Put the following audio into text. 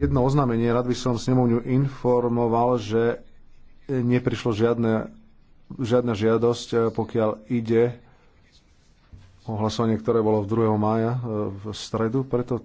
Jedno oznámenie, rád by som snemovňu informoval, že neprišlo žiadne, žiadna žiadosť, eh, pokiaľ ide o hlasovanie, ktoré bolo v 2. mája eh, v stredu, preto